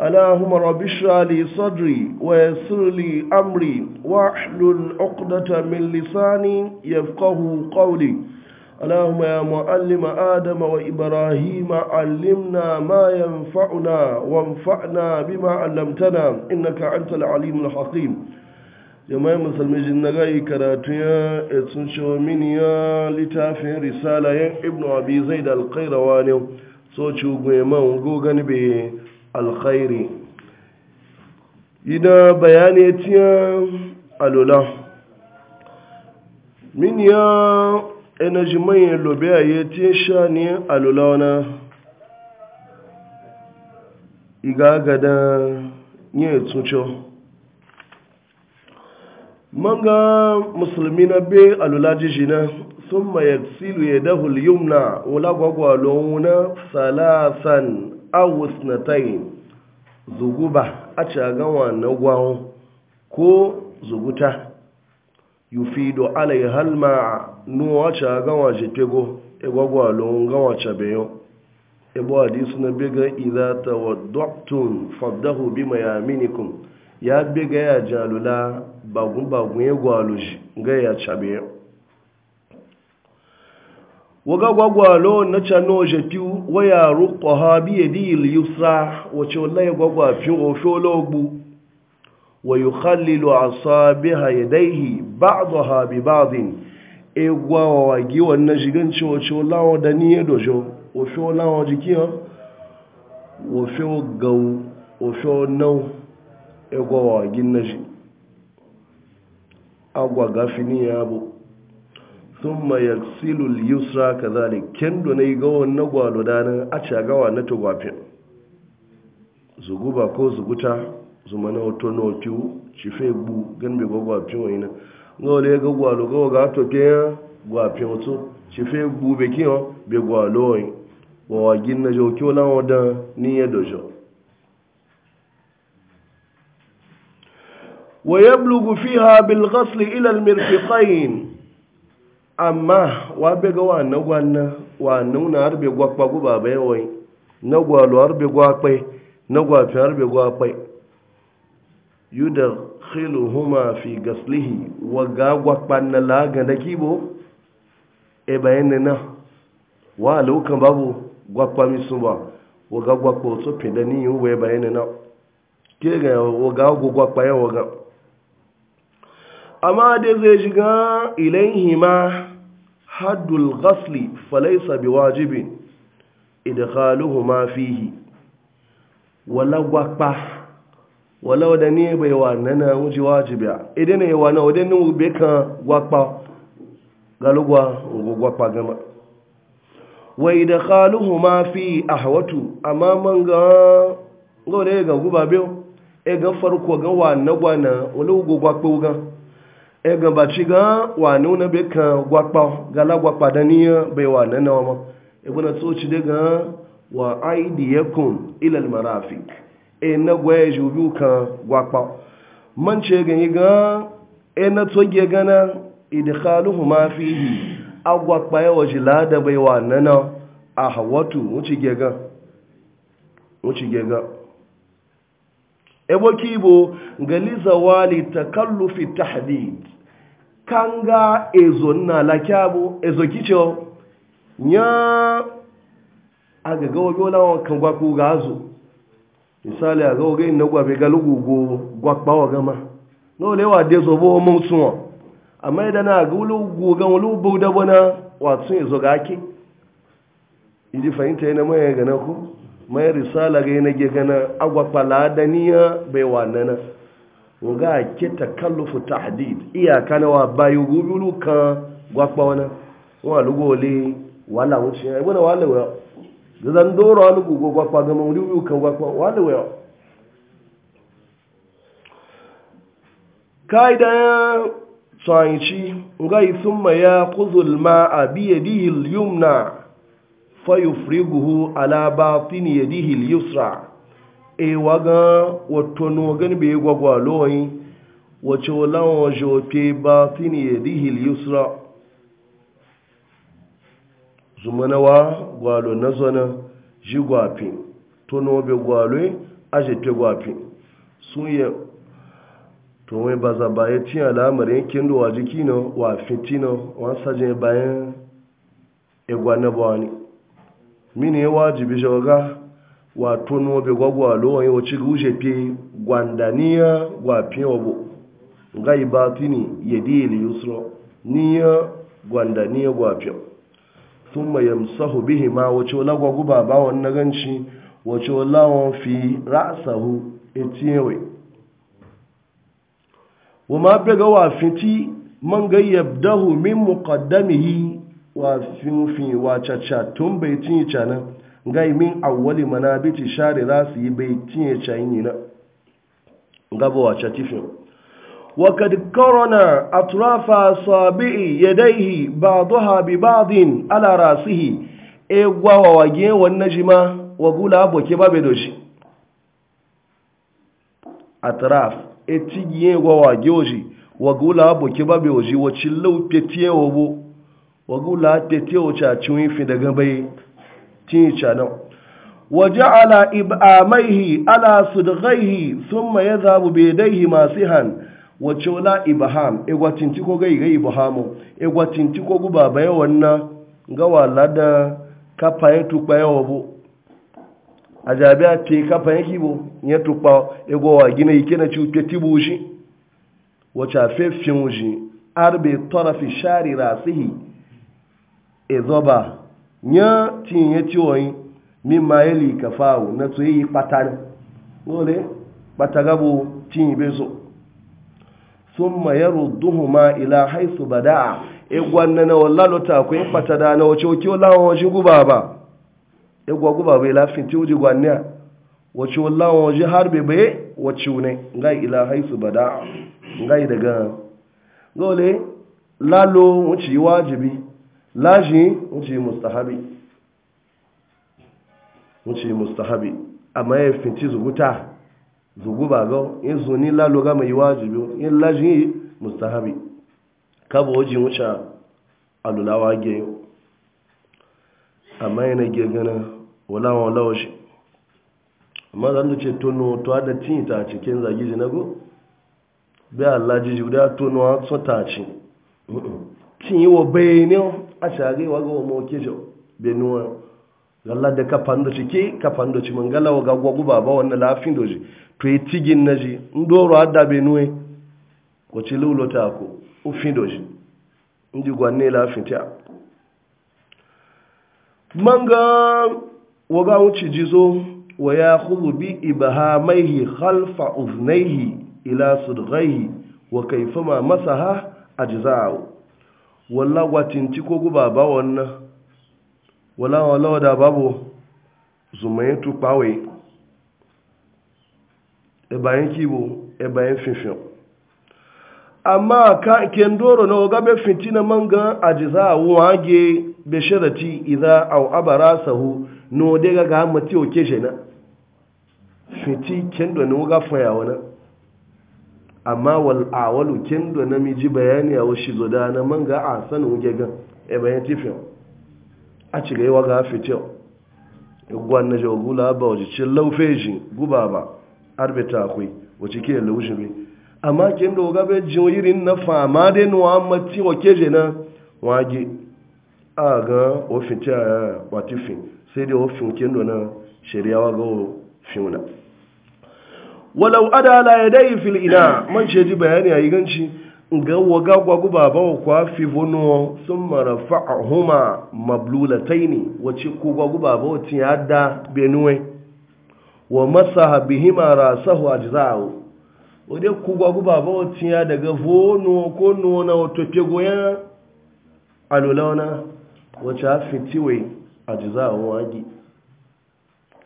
اللهم رب اشرح لي صدري ويسر لي امري واحلل عقده من لساني يفقهوا قولي اللهم يا معلم ادم وابراهيم علمنا ما ينفعنا وانفعنا بما علمتنا انك انت العليم الحكيم jama'a musulmi jin na gai karatu ya etsun shawamini ya littafin risala yan ibnu abi zaid al-qairawa ne so ci gwe man go gani be alkhairi ina bayani tiyan alola min ya energy manyan lobe a yi tiyan sha ne alola wani igagada ne tuncho manga musulmi na be alola jijina sun ma silu ya dahul yumna wula gwagwalon wuna salasan awus na tayi zuguba a cagawa na gwawon ko zuguta yufido alai halma nuwa cagawa jitego igwagwa lon gawa cabeyo ibu hadisu na bega idha tawadda'tum fabdahu bima yaminikum ya bega ya jalula bagun bagun ya gwaluji ga ya cabeyo waga gwagwa lon na cano jetiu waya ruqaha bi yadi al-yusra wa chollay gwagwa fi ofologu wa yukhallilu asabiha yadayhi ba'daha bi ba'din e gwawa wagi wannan jigan cewa chollawo da ni dojo ofolawo jikiyo ofo gawu ofo nau e gwawa wagin naji agwa gafini yabo sun mayar silul yusra ka zane kendo na yi gawon na gwalo danin a cagawa na tugwafin zuguba ko zuguta zuma na wato na wato fai bu gan bai gwafin wani na gawale ya gwalo gawa ga to ke ya gwafin wato cife bu bai kiyo bai gwalo wani wawa gin na jau kiwo wadan ni ya dojo ويبلغ فيها بالغسل إلى المرفقين amma wa bega wa na gwanna wa nuna har be gwakpa ku ba bai wai na lo har be gwakpa na fi har be gwakpa huma fi gaslihi wa ga gwakpa na ga da kibo e bayan na wa lokan babu gwakpa mi sun ba wa ga so to da ni yi wa bayan na ke ga wa ga gwakpa yan wa ga amma dai zai shiga ilaihima haddul ghasli falaisa bi wajibin idkhaluhu ma fihi wala gwapa wala wada ne bai wa nana wuji wajibi idan ne wa na wadan ne be kan gwapa galugwa ugo gama wa idkhaluhu ma fi ahwatu amma man ga ga wada ga guba biyo e ga farko ga wa na gwana wala ugo e gabaci ga wani na bai ka gwakpa gala gwakpa da bai wa na nawa ma ibu na tsoci daga wa aidiyakun ilal marafik e na gwaye jubi ka gwakpa man ce gani e ga na lada bai na a ebo kibo gali wali takallufi tahdid kanga ezo na lakyabo ezo kicho nya aga gawo yola wa kan gwa ku gazo misali aga gawo gai na gwa be galugu go gwa pawa gama no le wa dezo bo mo tsuwa amma idan na ga lu go ga lu bo da bona wa tsun ezo ga ki idi fahimta yana mai ga na ku mai risala ga yana ge gana agwa pala daniya bai wa nana waga ke takallufu tahdid iyaka na wa bayu gubulu kan gwakpa wana wa lugole wala wuce ai wala wala wa da zan doro wani gugu gwakpa ga mun kan gwakpa wala wa kaida tsanci ngai thumma yaqudhu al-ma'a bi yadihi al-yumna fayufriguhu ala batini yadihi al-yusra e waga wato no gani be gwagwa loyi wace lawan jote ba tini yadihi yusra zumanawa gwalo na zona ji gwafi to no be gwalo a je te gwafi sun ye to wai ba za baye tin alamar yankin da wa jiki no wa fitino wa saje bayan egwa na bawani mini wajibi shoga wato nobe gwagwa lowon yau ci guje fi gwandaniya gwafin obo gai batini ya dili yusro niya gwandaniya gwafin sun mai yamsahu bihi ma wace wala gwaguba ba wani na ganci wace wala wani fi rasahu etiyewe wa ma bega wa fiti man ga yabdahu min muqaddamihi wafin fi wacaca tun bai tinye gai min awali mana biti share za su yi bai cinye chayini na gaba wa chatifin wakad korona atrafa sabi yadaihi ba duha bi badin ala rasihi egwa wa wagi wa najima wa gula aboke ba bai doshi atraf e tigiye wa wagi oji wa gula aboke ba bai oji wa cillau tetiye wa bu wa gula tetiye wa cacin fi daga bai tincha na waja'ala ib'amaihi ala maye sudghaihi thumma yadhhabu bi yadayhi masihan ibrahim ibaham egwatinti ko ibrahim gai ibahamu egwatinti ko guba baye wannan gawa lada kafa ya tukpa yawa bu a ce kafa ya kibo ya tukpa egowa gina ike na cuke tibu shi wace afefin shi arbe tarafi sharira rasihi ezoba nya tinye ciwoyi mimma ya lika fawo na tsoyi yi patana dole patagabo cinye bezo sun mayaru duhuma ila haisu bada'a igwanna na wallalota kpata patada na wace oke wallawon wajen guba ba igwa guba bai lafin ti gwanne a wace wallawon wajen harbe bai wace ne ngai ila haisu bada'a ngai daga dole lalo wuce wajibi laji wuce mustahabi wuce mustahabi amma ya finci zuguta zugu ba ga in zuni laloga mai wajibi in laji mustahabi kaba wajen wuce alulawa ge amma yana ge gana walawa walawa shi amma zan ce tono to da tinta cikin zagiji na go bai Allah jiji guda tono a ta ci tin yi wa bayanin a shage waga wa mawake jau benuwa galla da kafan ke ka kafan da man galla wa gwagu ba ba wannan lafin doji to yi tigin na ji in doro hadda benuwa ko ci lulota ko ufin doji in ji gwanne lafin ta wa ga wuce jizo wa ya khudhu bi ibhamaihi khalfa uznaihi ila sudghaihi wa kayfama masaha ajza'u walla gwatinci ko guba ba wannan wala wala da babu zumaye tu pawe e bayan kibo e bayan finfin amma ka kendoro na oga be fitina manga ajiza wage be sharati idza aw abara sahu no de ga ga mati ke jena fiti kendo no ga faya na. amma wal'awalu awalu kin do namiji bayani a wasu zoda na man ga a sanin wuge gan e bayan tifin a ci gaiwa ga fitiyo igwan na jagula ba wajen cin laufeji guba ba arbita akwai wacce ke laushi bai amma kin do ga bai jin yirin na fama yin wa mati wa keje na wage a ga ofin ta watifin sai dai ofin kin do na shirya wa ga ofin na walau ada la ya dai fil ina man ce ji bayani a ganci ga waga gwagu baba wa kwa fi vono sun marafa'ahuma mablulataini wace ko gwagu baba wa tin yadda benuwe wa masaha bihima rasahu ajza'u wadai ko gwagu baba wa tin ya daga vono ko nona wato pegoya alulauna wace fitiwe ajza'u wagi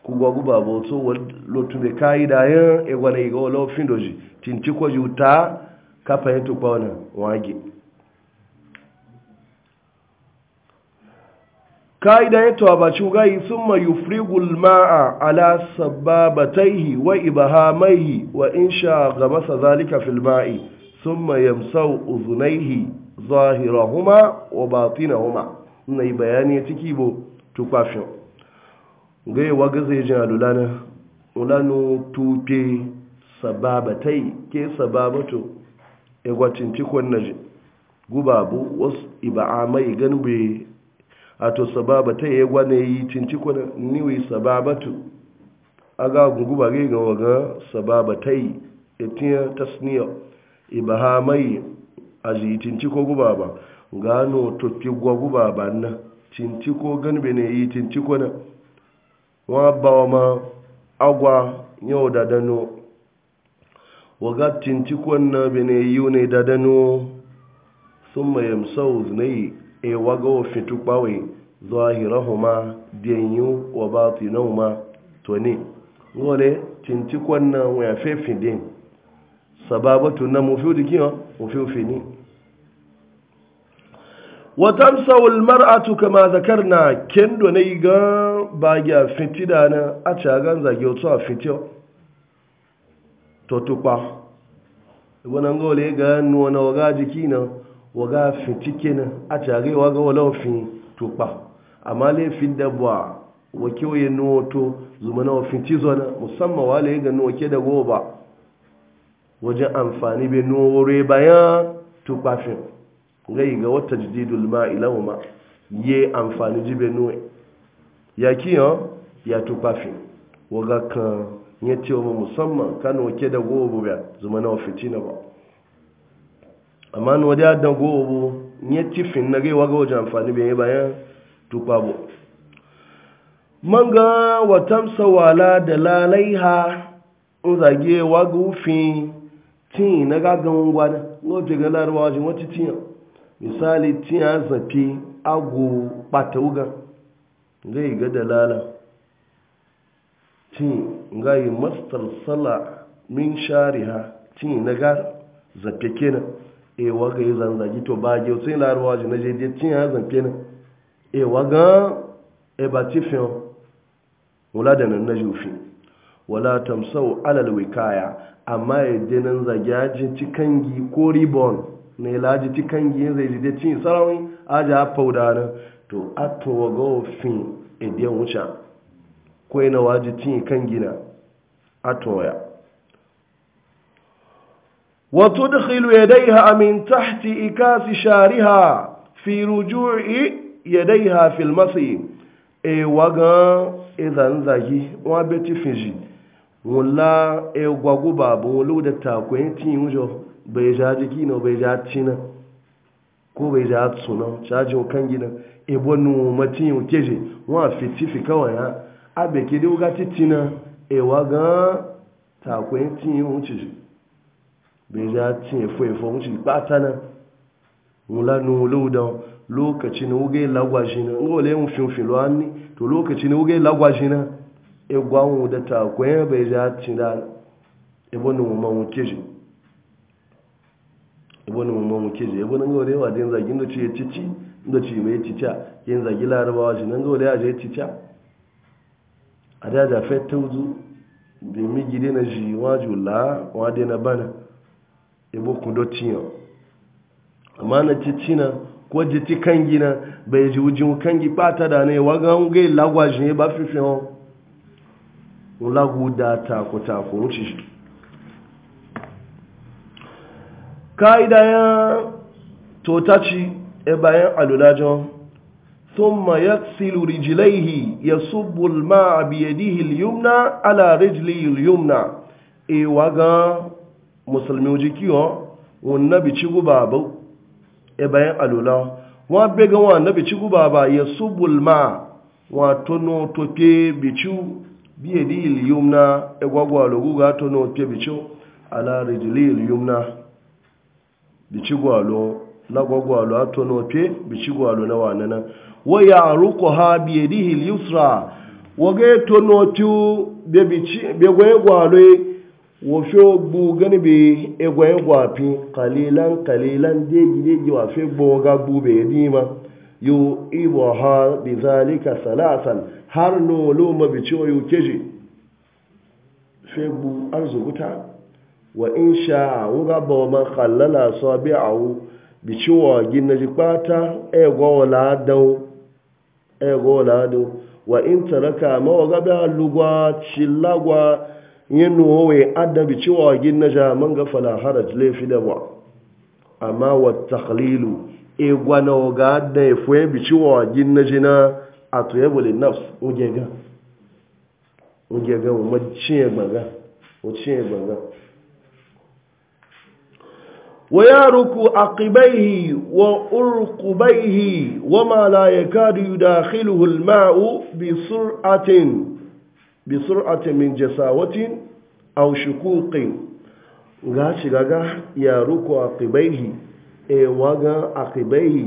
kugwa guba bauto lotu be kayi da yin egwana iga wala ofin doji tinci kwa juta kafa yin tukwa wani wage kayi da yin ba ci sun ma yufrigul ma'a ala sababataihi wa ibahamaihi wa in ga masa zalika filma'i sun ma yamsau uzunaihi zahirahuma wa batinahuma na yi bayani ciki bo tukwafin gaiwa yi waga zai jin alulana ulanu tupe sababatai ke sababato egwacin cikon na ji gubabu wasu iba'amai ganbe a to sababatai ya gwane yi cincikon niwi sababato aga guguba ga yi waga sababatai etin tasniya ibahamai a ji cinciko gubaba gano tupe gwa gubaba na cinciko ganbe ne yi cinciko na E wa bawa ma agwa yau dadanụ waga tintikon na bene ne da dano sun yamsau ne e waga wa fitu kawai zahirahuma denyu wa batinahuma to ne ngole tintikon na wa fefin din sababatu na mu fi ha mu fi tuka ma zakar na kendo yi ga bagya da na a cagan zage otu a fitio to tukpa ibana ga ga nuwa na waga jiki na waga fitike na a cagai waga wala fi tukpa amma laifin da ba wake waye nuwa to zuma na wafin zuwa na musamman wale ga nuwa ke da goba wajen amfani bai nuwa wuri bayan tukpafin zai ga wata jididul ma lahuma ye amfani jibe nuwe ya kiyo ya tupafi waga kan ya ce wa musamman kan wake da gobo ba zuma na fitina ba amma na wadda da gobo ya ci fin na gai waga wajen amfani bai bayan tupabo man ga watan sawala da lalaiha in zage waga ufin tin na gagan gwada wajen galarwa wajen jin wata tiyan misali tiya zafi agu bata wuga zai ga dalala tin yi mastar sala min ha ti na ga zafi kenan e waga yi zanzagi to ba ge sai laruwa ji na je je tin ya zafi na e waga e ba ti fi wula da nan na jufi wala tamsau alal wikaya amma ya denan zagi ya cikin cikangi ko ribon ne laji ti kangi zai lide cin sarawin aja faudarin to atowa ga ofin idiyan wuce kwai na waji cin kangi a atoya wato da khilu ya dai ha amin tahti ikasi shariha fi ruju'i ya dai ha filmasi e wagan izan e zagi wa beti fiji wula e gwaguba babu, lu da takwayin tin wujo bai ja jiki na bai ja cina ko bai ja tsuna caji kan gina ebo nu matin yau keje wọn fiti fi kawai ha abe ke dai gati tina ewa gan takwai tin yi wuce ji bai ja tin efo efo wuce bata na wula nu laudan lokaci na wuge lagwashi na ngole mu finfin lo anni to lokaci na wuge lagwashi na egwa mu da takwai bai ja tin da ebo nu ma wuce ji ibonu mu mu keje ibonu ngo rewa den zagin do ciye cici do ci mai cica yin zagi larabawa shi nan go da je cica ada da fe bi mi gide na ji waju la wa de na bana ibo e kun tiyo amma na cici na kwa je kangi na bai ji wujin kangi pata da ne wa ga ngai lagwajin ba fifin on lagu da ta ko ta ka'ida ya totaci e bayan alulajon thumma yaksilu rijlaihi yasubbu al-ma'a bi yadihi al-yumna ala rijlihi al-yumna e waga musulmi won wonna bi guba ba e bayan alula wa bega wa nabi guba ba ya subul ma wa tono toke bichu bi yadihi al-yumna e gwagwa loguga tono toke bichu ala rijlihi al-yumna bici na gwagwalo a tonofe bici gwalo na wanana ya aruko ha biye dihil yusra wage tonotu be gwaye gwalo e, wofe gbu gani be egwaye gwafi kalilan kalilan deji deji wafe gboga gbu be dima yo ibo ha bi zalika salasan har no lo ma bici wayo keji fe gbu wa in sha wuga ba man khallala sabi'ahu bi ciwa ginna ji kwata e gola dau e gola dau wa in taraka ma wa ba lugwa chillagwa yinu we adda bi ciwa ginna ja man ga fala haraj le fi da ba amma wa takhlilu e gwana waga adda e fue bi ciwa ginna jina atuyebul nafs ujega ujega ma mace gbanga mu ce gbanga ويارك عقبيه وأرقبيه وما لا يكاد يداخله الماء بسرعة بسرعة من جساوة أو شكوق gashi gaga ya ruku akibaihi e waga akibaihi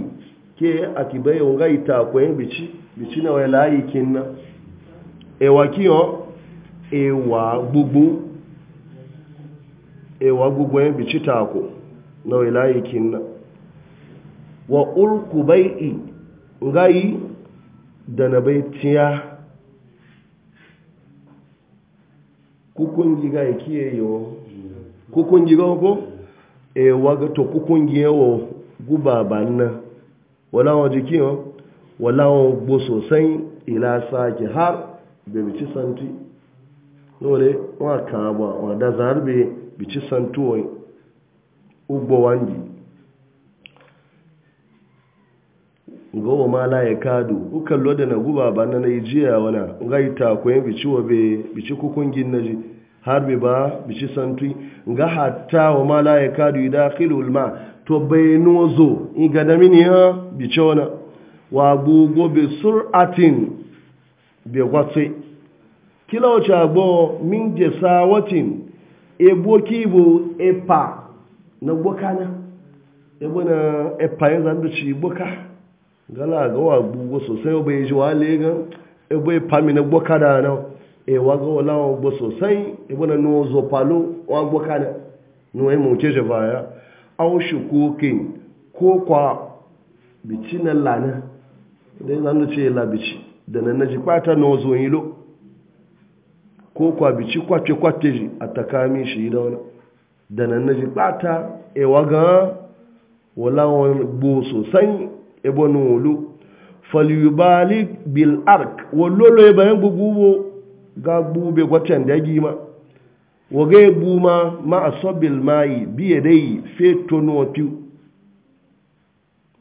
ke akibaihi wanga ita ko yin bici bici na wai layi kinna e wa e wa gbugbu e wa gbugbu bici ta na wilayikin na wa ulku bai'i gayi da na baitiya kukungi gayi kiye yawo kukungi gawa ko e eh, waga to kukungi yawo guba banna wala wa jiki wala wa gbo sosai ila sake har da bici santi nore wa ka ba wa da zarbe bici santuwa ugbo wangi gowa ma ya kadu ukan loda na guba ba na Nigeria wana ngai ta koyin bici wa be bici na naji har be ba bici santri nga hatta wa ma la ya kadu yudakhilu alma to baynozo mini ha bici wana wa gugo be suratin be gwatse kila wacha gbo min jesawatin e kibo epa na gboka na ebe na epayin zan da ci gboka gala ga wa gbogbo sosai bai ji wa lega ebe pami na gboka da na e wa ga wala wa gbo sosai ebe na no zo palo wa gboka na no e mu ce je baya aw shukukin ko kwa bici na lana dai zan da ce la bici na ji kwata na zo yilo ko kwa bici kwace kwace ji a takami shi da na. da nan na ji ɓata ewa ga walawan gbo sosan ebonin wolo falubali bil ark walolo ya bayan gugubo ga gube gwacen da gima waga ya guma ma a sobil mayi biye dai feto nuwa piu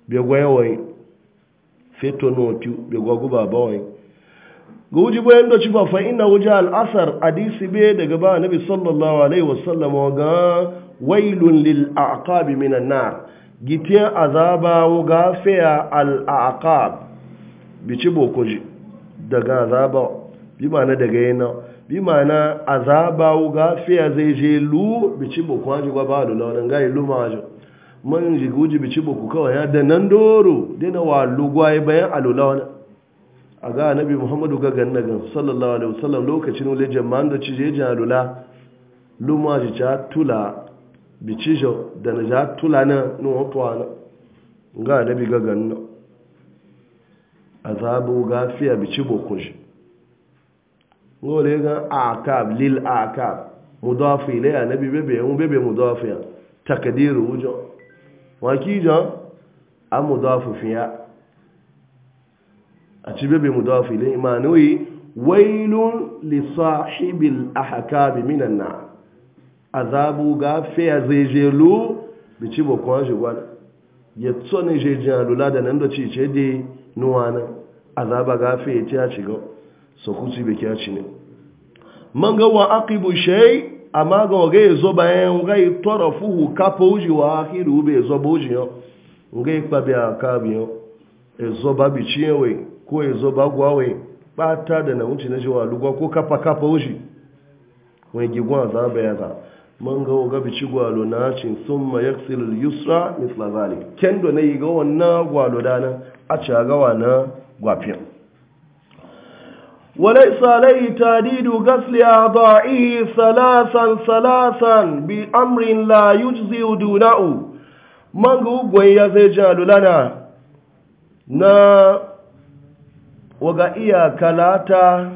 bai gwaya wani feto nuwa piu bai gwaguba ba wani ga wuji bayan da cifa fa ina wuji al'asar hadisi be daga ba nabi sallallahu alaihi wasallam ga wailun lil min minan nar gitiya azaba wa gafiya al aqab boko ji daga azaba bi ma'ana daga yana bi ma'ana azaba wa gafiya zai je lu boko waje ba ba da lawan ga lu ma majo man ji guji ci boko kawai ya da nan doro dena wa lugwaye bayan alulawa a ga annabi muhammadu ga ganna gan sallallahu alaihi wasallam lokacin wale jama'an da cije jalula luma ji tula bicijo da na ja tula na nuwa na ga annabi ga a zabu gafiya fiye bokun kunshi ngole ga akab lil akab mudafi ilay nabi bebe mu bebe mudafi takadiru wujo an a mudafi fiya a ci bebe mu dawa filin imanoyi wailun lissahibil ahakabi minan na azabu ga fiya zai je lu bi ci bakon shi gwada ya tsoni shi jiya lula da nan da ci ce de nuwa nan azaba ga fiya ci ya shiga su kuci bi kya ci ne man ga wa aqibu shay amma ga e, ga yazo bayan ga tarafuhu kafa uji wa akhiru bai zo ji yo ga ikpa bi akabi yo ezo ba bi ci ko ya zo ba gwawai bata da na wuce na jiwa lugwa ko kafa kafa wuce wani gigon za a bayan ta man ga gabi ci gwalo na cin sun ma yaksil yusra misla zali kendo na yi ga na gwalo dana a ci gawa na gwafiyan وليس salasan salasan bi أعضائه ثلاثا ثلاثا بأمر لا يجزي دونه من غوغو يزجال لنا na waga iyaka lata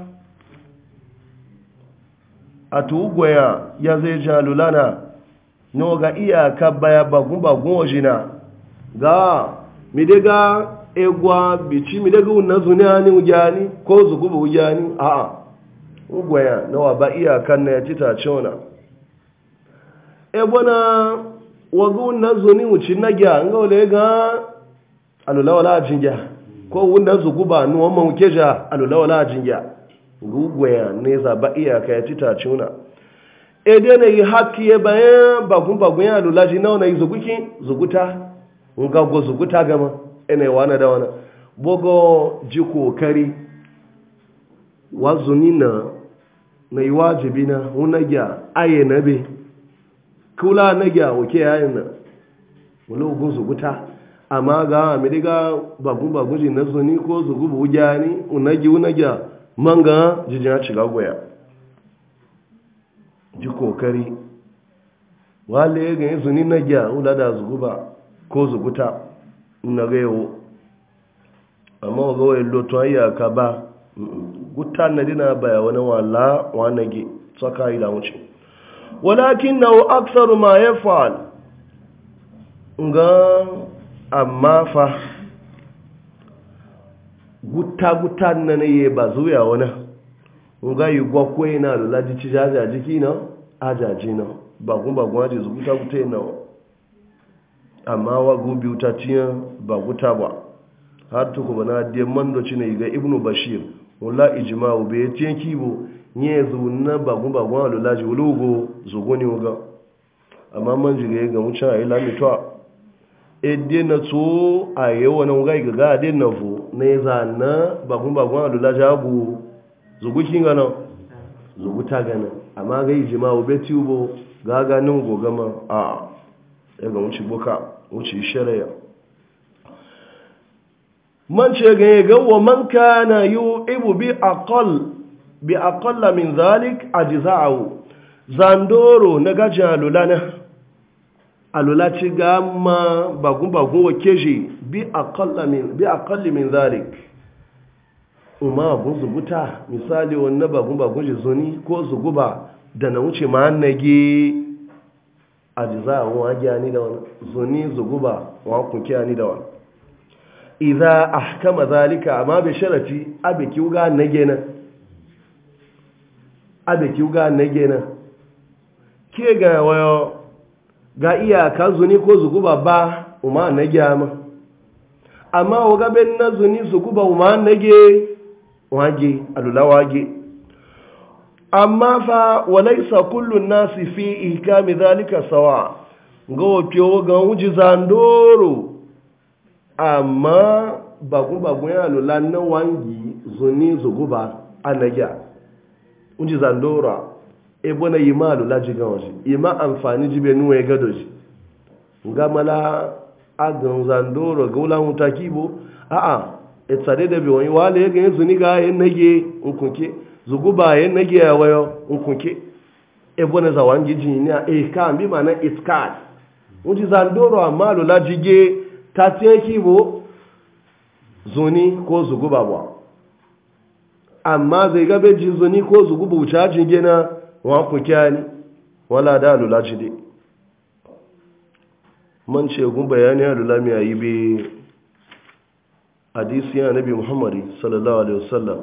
a ya zai jalulana na waga iyaka baya bagun-bagun ga midega egwa bichi midega unazunani ujani wujani ko zuguba wujani a'a ugwaya na waba iyakan ya ci tacona ebona waga unna zuni wuci na nga wale ga alulawala jinja ko wanda su guba nuwan man a alulawala jinya gugwaya ne zaba iyaka ya ci tacuna ede na yi haki ya bayan bagun bagun ya alulaji na wani zuguki zuguta ngaggo zuguta gama ina e yi da wani bogo ji kokari wazuni na na yi wajibi na wunagya aye na be kula nagya oke yayin na wani ogun zuguta amma ga amiriga babu babu ji na zuni ko su gubu wujani unagi unagiya man ga jijin ya shiga goya ji kokari wale ga yin zuni na gya ula da zuguba ko zuguta na gaiwo amma ga gawai loto ayyaka ba guta na dina baya wani wala wani gi tsaka yi da wuce walakin na wa aksaru ma ya fa'al ga amma fa guta-guta na na yi ba zuwa wani nga yi gwakwai yana lulaji ci ajaji ki na ajaji na bagun-bagun aji su guta-guta wa amma wa gobe wuta tiyan ba guta ba har tuku na diyan mandoci na iga ibnu bashir wula ijima'u bai tiyan kibo nye zuna bagun-bagun a lulaji wulugo zugoni wuga amma man ya gamu a yi edie na tso a yewa na ngai ga ga de na fu ne za na ba kun ba kun alula jabu zugu kin ga na zugu ta ga na amma ga ijima obe ti ubo ga ga nan go a ya ga wuce boka wuce shari'a man ce ga ga wa man kana yu'ibu bi aqall bi aqall min zalik ajza'u zandoro na gajalulana alulaci ga ma bagun-bagun wa keji bi kalli min zarik umar abun zubuta misali wannan bagun-bagun ji zuni ko zuguba da na wuce ma nage a ji za a wagiya ni da wani zuni zuguba wa kunkiya ni da wani a kama zalika amma bai sharafi abiki nage na abiki wuga nage na ke ga wayo ga iyaka zuni ko zuguba ba uma na gyama amma waga ben na zuni zuguba uma na ge wage alula wage amma fa walaisa kullun nasi fi ihkami dhalika sawa ga wato ga wuji zandoro amma bagun bagun ya lula na wangi zuni zuguba anagya wuji zandora Ebona yi yima alula ji gan shi ma amfani ji be nuwe gado shi nga mala agan zandoro ga wula hunta a a etsade da be wani wale ga yanzu ni ga yin nage unkunke zugu ba nage ya wayo unkunke Ebona za zawangi ji ni a e ka bi mana iskar unji zandoro a alula ji ge ta tiye kibo zuni ko zugu ba amma zai gabe ji zuni ko zuguba bu wuce na? wọn kò kí a ní wọ́n ládá àlùlá jíde man ce gun bayani àlùlá mi a yi bí i ya nabi muhammadu sallallahu alaihi wasallam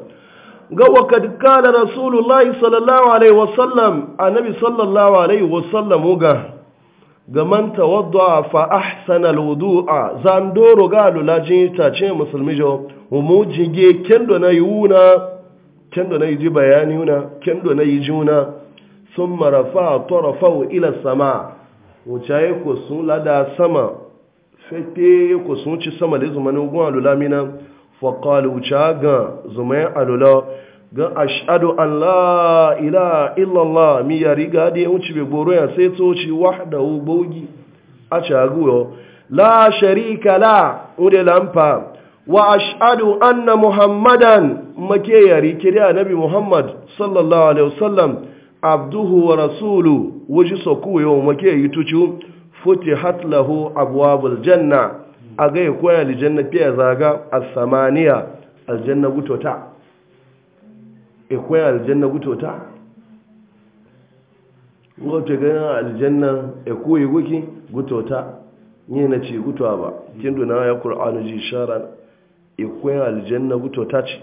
ga wakad rasulu rasulullahi sallallahu alaihi wasallam annabi sallallahu alaihi wasallam ga manta wadda tawadda fa ahsana a zandoro ga lula ta ce musulmi jo mu jige kendo na yi wuna, kendo na yi ji bayani wuna kendo na yi ji wuna. sun marafa torafawo ila sama wuce ya ku sun lada sama fete ya ku sun ci sama da zumanin gun alula mina faƙali wuce ga zumayin alula ga ashadu an la ila illallah mi ya riga da ya wuce bai goro ya sai toci wahda bogi a caguyo la sharika la ude lamfa wa ashadu anna muhammadan make ya rikiri nabi muhammad sallallahu alaihi wasallam abduhu wa rasulu wuji soku yau make yi tucu futi hatlahu abuwabul janna a ga kwaya aljanna fiye zaga a samaniya aljanna gutota e kwaya aljanna gutota wata gaya ga aljanna e koyi guki gutota ni na ci gutowa ba kin duna ya qur'anu ji sharan e kwaya aljanna gutota ce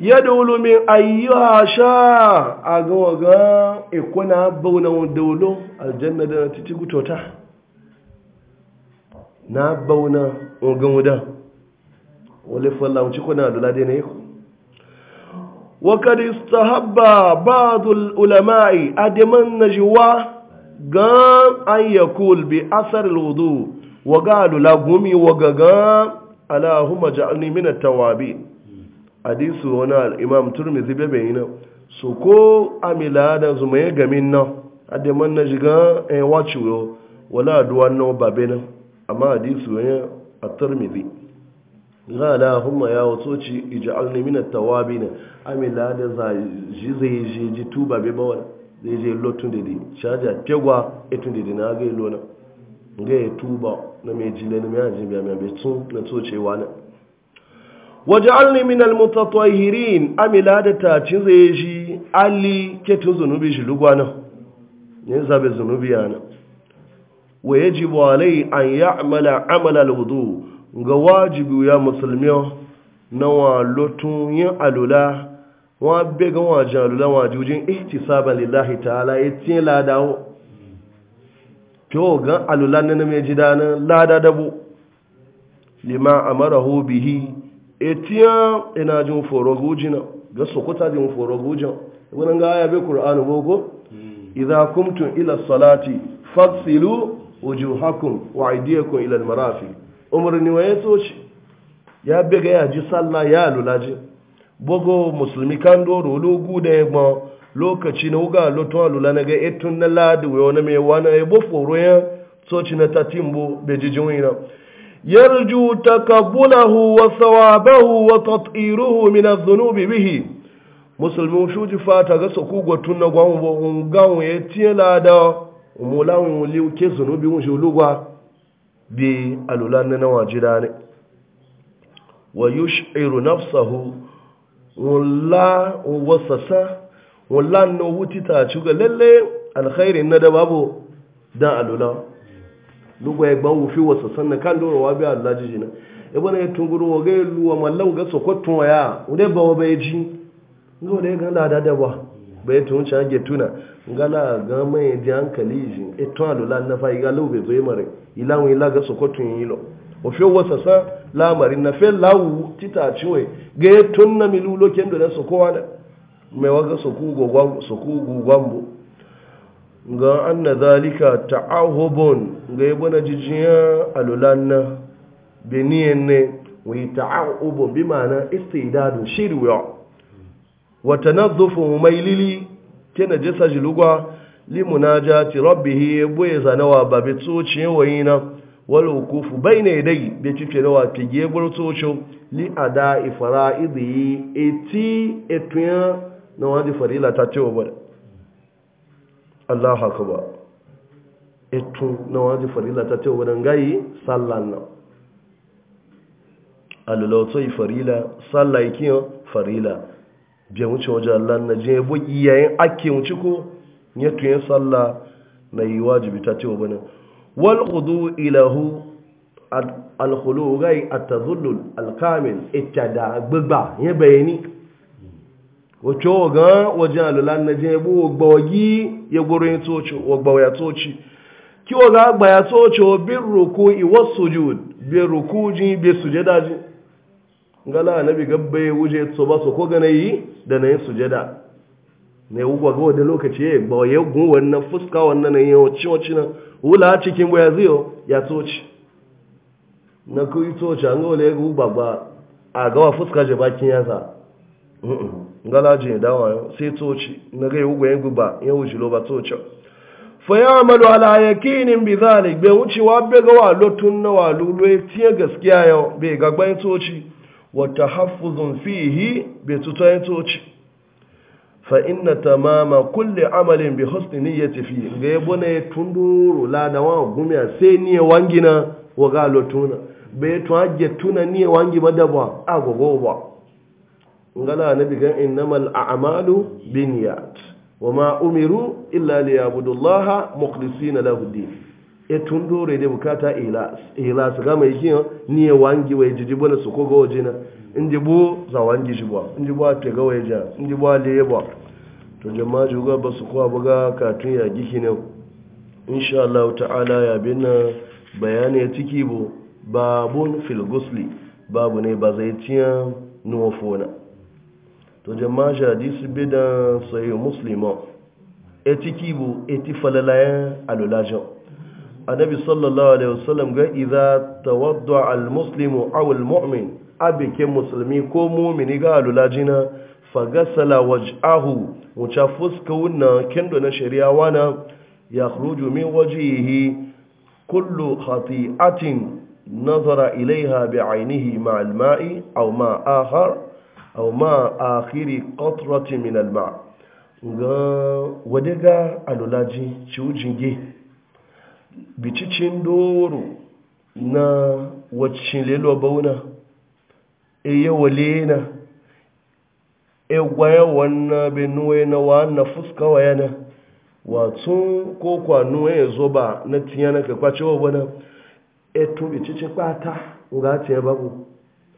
yadda min ayyuha sha a ga waga ikuna baunan wulo aljanna da titi gutota na bauna ogan wudan wale falla wuce kuna da lade ne ku haɓa ba da ulama'i a daman adiman najwa gan an yakul bi asar lodo wa ga lulagumi wa ga ga alahumma ja'alni min at hadisu wani al'imam turmizi bebe yi na so ko amila da zuma ya gamin nan adi man na shiga yan eh, wace yo wala aduwa na babe nan amma hadisu wani a turmizi ga alahumma ya wato ci ija'al ne mina tawabi na amila da za ji zai ji ji tu babe ba wani zai je lotun da di shaja kegwa etun da di na ga ilo lona ga ya tuba na mai jile mai ajiyar biya mai tun na tocewa na waj'alni minal mutatahhirin amila da ta cin shi ali ke tun zunubi shi lugwana ne zabe zunubi yana wa yajibu alai an ya'mala amala alwudu ga wajibi ya musulmi na wa lotun yin alula wa be ga wa jalula wa jujin ihtisaban lillahi ta'ala yatin ladawo to ga alula nan me jidana lada dabo lima amarahu bihi etiya ina jin foro gujina ga sokota jin foro gujin wannan ga aya be qur'anu bogo hmm. idza ila salati fagsilu wujuhakum wa aydiyakum ila almarafi umarni wa soci ya be ya ji sallah ya ji bogo musulmi kan do rolo guda ya gbon lokaci na wuga loto alula na ga etun na ladu wani mai wani ya e bo foro ya soci na tatimbo be wina يرجو تقبله وثوابه وتطئيره من الذنوب به musulmi shuji fata ga su kugo tunna gwanwo gawo ya tiye lada umulan wuli ke zunubi mun shi lugwa bi alulan na wajida ne wa yushiru nafsahu wala wasasa wala no wuti ta ci ga lalle alkhairin na da babu dan alulan lugwa ya gbawo fi wasu sannan kan doro wa biya Allah jiji na ibana ya tunguru wa ga luwa mallau ga sokotun waya ude ba wa bai ji ngo da ga da da ba bai tun cha ge tuna ngala ga mai ji hankali ji eto alula na fa ga lube zo mare ila wi la ga sokotun yilo o fi wasa sa lamari na fe lawu tita ciwe ga tun na milulo kendo da sokowa mai waga sokugo gwambo ga anna zalika ta'ahubun ga yabo na jijiya alulan na beniyan ne wai ta'ahubun bi ma'ana istidadun shirwa na tanazzufu mailili ke na jisa jilugwa limunajati rabbihi yabo ya zanawa ba bi na wayina wal wukufu na yadai bi cike na wa fige tsoci li ada ifara'idi eti etuya na wadi farila ta ce wa bada Allah haka ba ito na waje farila ta tewa wadanda gayi sallan nan alulautoi farila sallah ikiyan farila biya wuce waje Allah na je bu iyayen ake wuce ko ya tuye sallah na yi wajibi ta tewa bane wal qudu ilahu al gayi a at tazullul al ita da gbogba ya bayani ocho ga waje alula na je bu ogbogi ye goro yin tocho ogbo ya tochi ki o ga gba ya tocho bi ruku i wasujud bi rukuji bi sujada ji ngala annabi gabbe wuje to ba so ko ga nayi da nayi sujada ne ugwa ga da lokaci ye gbo ye gun wannan fuska wannan ne yo chochi na wula cikin ya ziyo ya tochi na ku yi tocha ngole ga ugba ba a ga fuska je bakin yasa mm -mm. ngalaje da yo sai toci na ga yugo yin guba ya wuce lo ba toci fa ya amalu ala yakinin bi zalik be wuce wa be ga walo tun na walo lo tiye gaskiya yo be ga gban toci wa tahaffuzun fihi be tutoyin toci fa inna tamama kulli amalin bi husni niyyati fi ga yabone tunduru la da wa gumiya sai niye wangina wa ga lo tuna be to ajje tuna wangi madaba agogo ba ngala nabi ga innamal a'malu binniyat wama umiru illa liyabudullaha mukhlisina lahu din etun dore da bukata ilas ilas ga mai kiyo ni ya e wangi wai jiji bona su ko goje na inji bu za wangi shi inji bu te ga waje inji bu le ba to jama'a juga ba su ko buga katun ya giki ne insha Allah ta'ala ya bin bayani ya babun fil gusli babu ne ba zai to jama'a jadi su sayi musulman eti kibu eti falalayen alulajen annabi sallallahu alaihi wasallam ga idza al muslimu aw al mu'min abike musulmi ko mu'mini ga alulajina fagasala waj'ahu wuce fuska wunna kendo na shari'a wana ya min wajihi kullu khati'atin nazara ilaiha bi'ainihi ma'al ma'i aw ma akhar aw ma akhiri qatrati min alma ga wadega alulaji ciwujinge bicicin doro na wacin lelo bauna e yawale na e gwaya wannan benuwe na wannan fuska wayana wato ko kwanuwe ya zo ba na tiyana ka kwacewa wani e tun bicicin kwata ga tiyan babu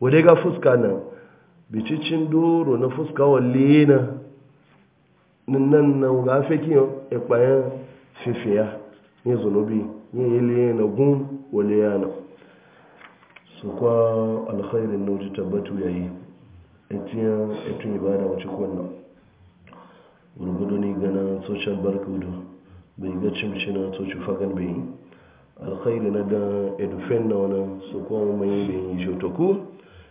wadai ga fuska nan bicicin doro na fuska walle na nan nan ga fekin ekpayan fifiya ne zunubi ne ile na gun wale yana su kwa alkhairin na wuce tabbatu ya yi etiyan etun ibada wace kwanan gurgudu ne gana social barkudu bai ga cimcina to ci fagan bai yi na da edufen na wani su kwa mai bai yi otoku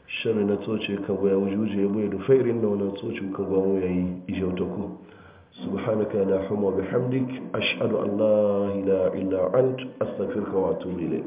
shirin na tsoce ka goya wujuje ya goya da fairin na wani tsoce ka goya ya yi ijauta subhanaka la humma bi hamdik an la ilaha illa ant astaghfiruka wa atubu ilayk